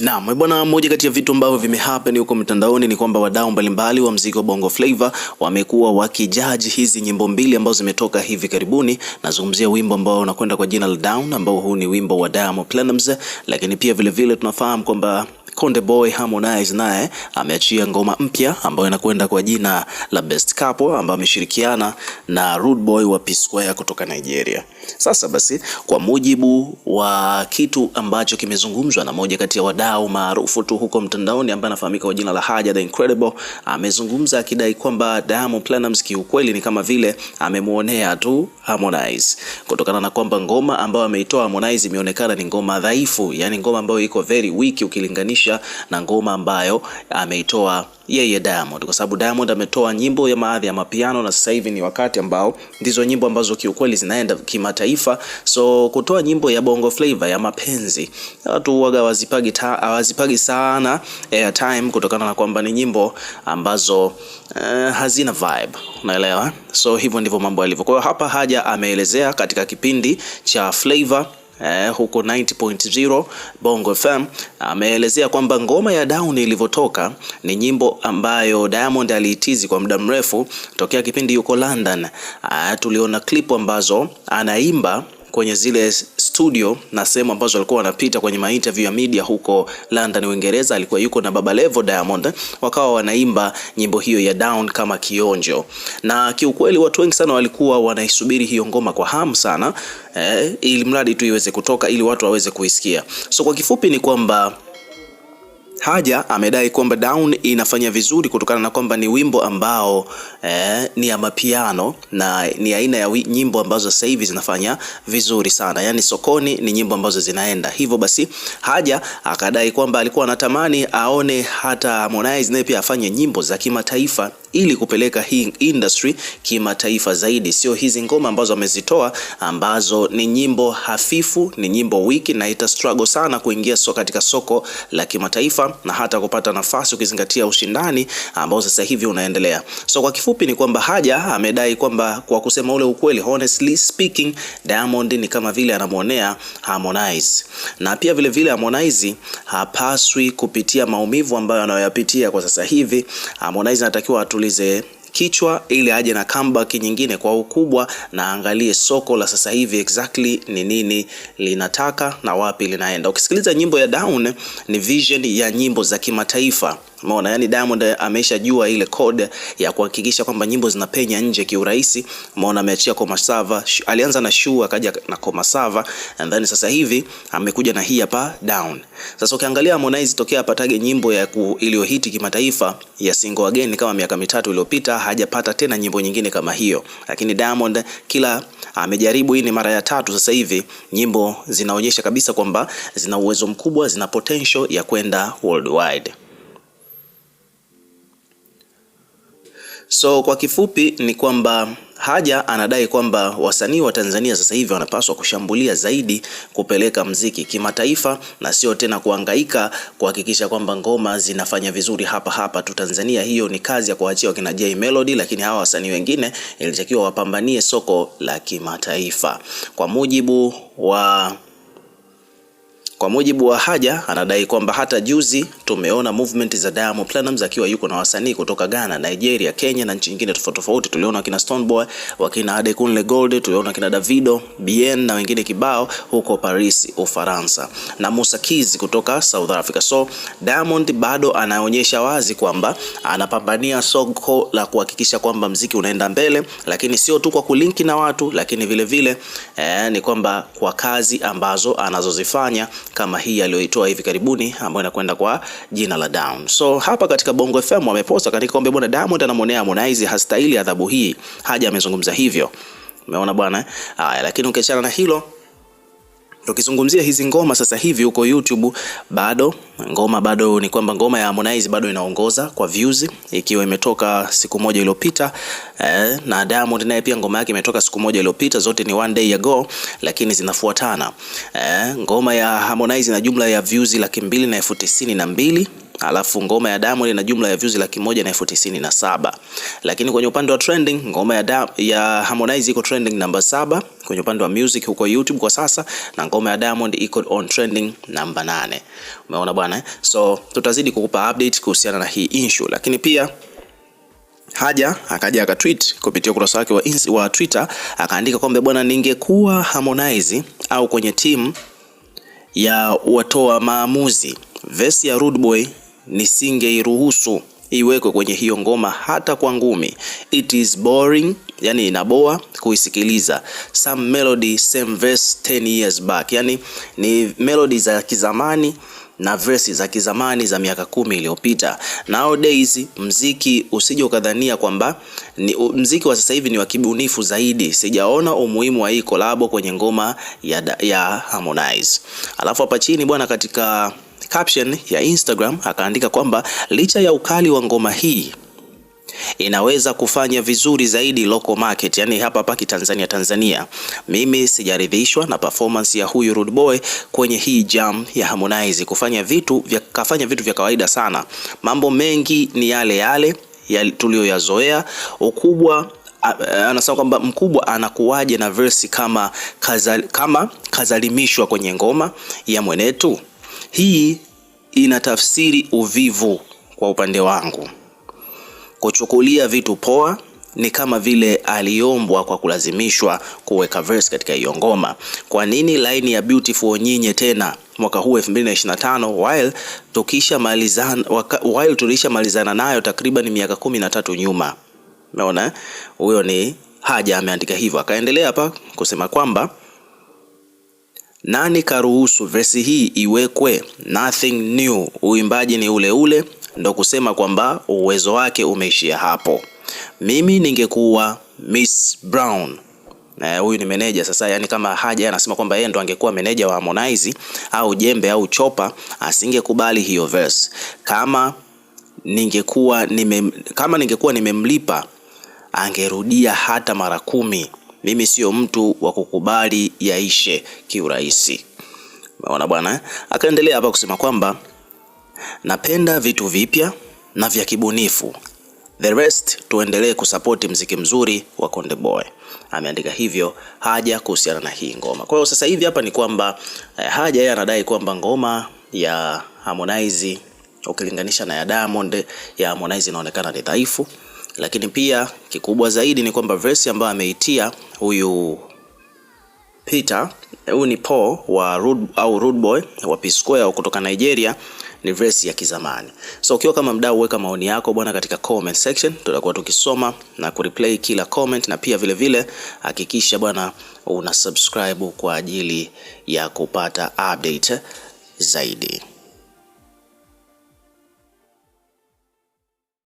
Naam, eh, bwana, moja kati ya vitu ambavyo vimehappen huko mtandaoni ni kwamba wadau mbalimbali wa mziki wa Bongo Flava wamekuwa wakijaji hizi nyimbo mbili ambazo zimetoka hivi karibuni. Nazungumzia wimbo ambao unakwenda kwa jina la Down, ambao huu ni wimbo wa Diamond Platnumz, lakini pia vilevile vile tunafahamu kwamba Konde Boy Harmonize naye ameachia ngoma mpya ambayo inakwenda kwa jina la Best Couple ambayo ameshirikiana na Rude Boy wa P Square kutoka Nigeria. Sasa basi, kwa mujibu wa kitu ambacho kimezungumzwa na moja kati ya wadau maarufu tu huko mtandaoni ambaye anafahamika kwa jina la Haja the Incredible, amezungumza akidai kwamba Diamond Platnumz kiukweli ni kama vile amemuonea tu Harmonize kutokana na kwamba ngoma ambayo ameitoa Harmonize imeonekana ni ngoma dhaifu, yani ngoma ambayo iko very weak ukilinganisha kujiburudisha na ngoma ambayo ameitoa yeye Diamond, kwa sababu Diamond ametoa nyimbo ya maadhi ya mapiano, na sasa hivi ni wakati ambao ndizo nyimbo ambazo kiukweli zinaenda kimataifa. So kutoa nyimbo ya bongo flavor ya mapenzi watu waga wazipagi, wazipagi sana eh, time kutokana na kwamba ni nyimbo ambazo eh, hazina vibe, unaelewa? So hivyo ndivyo mambo yalivyo. Kwa hiyo hapa Haja ameelezea katika kipindi cha Flavor eh, huko 90.0 Bongo FM ameelezea kwamba ngoma ya Down ilivyotoka ni nyimbo ambayo Diamond aliitizi kwa muda mrefu tokea kipindi yuko London. Ah, tuliona klipu ambazo anaimba kwenye zile studio na sehemu ambazo walikuwa wanapita kwenye mainterview ya media huko London Uingereza, alikuwa yuko na Baba Levo Diamond, wakawa wanaimba nyimbo hiyo ya Down kama kionjo, na kiukweli watu wengi sana walikuwa wanaisubiri hiyo ngoma kwa hamu sana eh, ili mradi tu iweze kutoka ili watu waweze kuisikia. So kwa kifupi ni kwamba Haja amedai kwamba Down inafanya vizuri kutokana na kwamba ni wimbo ambao eh, ni ya mapiano na ni aina ya nyimbo ambazo sasa hivi zinafanya vizuri sana, yaani sokoni ni nyimbo ambazo zinaenda. Hivyo basi, Haja akadai kwamba alikuwa anatamani aone hata Harmonize naye pia afanye nyimbo za kimataifa ili kupeleka hii industry kimataifa zaidi, sio hizi ngoma ambazo amezitoa ambazo ni nyimbo hafifu, ni nyimbo wiki na ita struggle sana kuingia so katika soko la kimataifa na hata kupata nafasi, ukizingatia ushindani ambao sasa hivi unaendelea. So kwa kifupi ni kwamba Haja amedai kwamba kwa kusema ule ukweli, honestly speaking, Diamond ni kama vile anamwonea Harmonize, na pia vile vile Harmonize hapaswi kupitia maumivu ambayo anayoyapitia kwa sasa hivi. Harmonize anatakiwa atu atulize kichwa ili aje na comeback nyingine kwa ukubwa na angalie soko la sasa hivi exactly ni nini linataka na wapi linaenda. Ukisikiliza nyimbo ya Down ni vision ya nyimbo za kimataifa. Umeona, yani Diamond eh, ameshajua ile code ya kuhakikisha kwamba nyimbo zinapenya nje kiurahisi. Umeona, ameachia Komasava, alianza na Shua akaja na Komasava and then sasa hivi amekuja na hii hapa Down. Sasa ukiangalia Harmonize tokea apatage nyimbo ya iliyohiti kimataifa ya Single Again kama miaka mitatu iliyopita, hajapata tena nyimbo nyingine kama hiyo, lakini Diamond kila amejaribu, hii ni mara ya tatu sasa hivi, nyimbo zinaonyesha kabisa kwamba zina uwezo mkubwa, zina potential ya kwenda worldwide. So kwa kifupi ni kwamba Haja anadai kwamba wasanii wa Tanzania sasa hivi wanapaswa kushambulia zaidi kupeleka mziki kimataifa na sio tena kuangaika kuhakikisha kwamba ngoma zinafanya vizuri hapa hapa tu Tanzania. Hiyo ni kazi ya kuachia kina Jay Melody, lakini hawa wasanii wengine ilitakiwa wapambanie soko la kimataifa. Kwa mujibu wa kwa mujibu wa Haja, anadai kwamba hata juzi tumeona movement za Diamond Platnumz akiwa yuko na wasanii kutoka Ghana, Nigeria, Kenya na nchi nyingine tofauti tofauti. Tuliona wakina Stoneboy, wakina Adekunle Gold, tuliona kina Davido, Bien na wengine kibao huko Paris, Ufaransa na Musa Kizi kutoka South Africa. So Diamond bado anaonyesha wazi kwamba anapambania soko la kuhakikisha kwamba mziki unaenda mbele, lakini sio tu kwa kulinki na watu, lakini vile vile eh, ni kwamba kwa kazi ambazo anazozifanya kama hii aliyoitoa hivi karibuni ambayo inakwenda kwa jina la Down. So hapa katika Bongo FM wameposta katika kwamba bwana Diamond anamwonea Harmonize hastahili adhabu hii, haja amezungumza hivyo. Umeona bwana haya, lakini ukiachana na hilo Tukizungumzia hizi ngoma sasa hivi huko YouTube, bado ngoma bado ni kwamba ngoma ya Harmonize bado inaongoza kwa views ikiwa imetoka siku moja iliyopita eh, na Diamond naye pia ngoma yake imetoka siku moja iliyopita, zote ni one day ago, lakini zinafuatana eh, ngoma ya Harmonize na jumla ya views laki mbili na elfu tisini na mbili alafu ngoma ya Diamond ina jumla ya views laki moja na elfu tisini na saba lakini kwenye upande wa trending ngoma ya, da, ya Harmonize iko trending namba saba kwenye upande wa music huko YouTube kwa sasa, na ngoma ya Diamond iko on trending namba nane. Umeona bwana eh? So tutazidi kukupa update kuhusiana na hii issue, lakini pia Haja akaja akatweet kupitia ukurasa wake wa, wa Twitter akaandika kwamba bwana, ningekuwa Harmonize au kwenye timu ya watoa maamuzi, vesi ya Rude Boy nisingeiruhusu iwekwe kwenye hiyo ngoma hata kwa ngumi. It is boring, yani inaboa kuisikiliza. Some melody same verse 10 years back, yani ni melody za kizamani na verse za kizamani za miaka kumi iliyopita. Nowadays mziki usije ukadhania kwamba ni mziki wa sasa hivi ni wa kibunifu zaidi. Sijaona umuhimu wa hii kolabo kwenye ngoma ya, ya Harmonize. Alafu hapa chini bwana katika caption ya Instagram akaandika kwamba licha ya ukali wa ngoma hii inaweza kufanya vizuri zaidi local market, yani hapa hapa Tanzania Tanzania. Mimi sijaridhishwa na performance ya huyu Rude Boy kwenye hii jam ya Harmonize, kufanya vitu vya kafanya vitu vya kawaida sana. Mambo mengi ni yale yale ya tuliyoyazoea. Ukubwa anasema kwamba mkubwa anakuwaje na verse kama kazalimishwa kama, kwenye ngoma ya mwenetu. Hii ina tafsiri uvivu kwa upande wangu, kuchukulia vitu poa ni kama vile aliombwa kwa kulazimishwa kuweka verse katika hiyo ngoma. Kwa nini line ya Beautiful Onyinye tena mwaka huu 2025 while tukisha malizana, while tulisha malizana nayo takriban miaka kumi na tatu nyuma? Umeona eh? huyo ni Haja ameandika hivyo, akaendelea hapa kusema kwamba nani karuhusu vesi hii iwekwe? Nothing new, uimbaji ni ule ule, ndo kusema kwamba uwezo wake umeishia hapo. Mimi ningekuwa Miss Brown na huyu ni meneja sasa, yani kama haja anasema kwamba yeye ndo angekuwa meneja wa Harmonize au jembe au chopa, asingekubali hiyo verse. Kama ningekuwa nime, kama ningekuwa nimemlipa angerudia hata mara kumi mimi siyo mtu wa kukubali yaishe kiurahisi. Umeona bwana. Akaendelea hapa kusema kwamba napenda vitu vipya na vya kibunifu. The rest tuendelee kusapoti mziki mzuri wa Konde Boy. Ameandika hivyo Haja kuhusiana na hii ngoma. Kwa hiyo sasa hivi hapa ni kwamba eh, Haja yeye anadai kwamba ngoma ya Harmonize ukilinganisha na ya Diamond, ya Harmonize inaonekana ni dhaifu lakini pia kikubwa zaidi ni kwamba verse ambayo ameitia huyu Peter, huyu ni Paul wa Rude, au Rude Boy wa P Square kutoka Nigeria ni verse ya kizamani. So ukiwa kama mdau, weka maoni yako bwana katika comment section, tutakuwa tukisoma na kureplay kila comment, na pia vile vile hakikisha bwana una subscribe kwa ajili ya kupata update zaidi.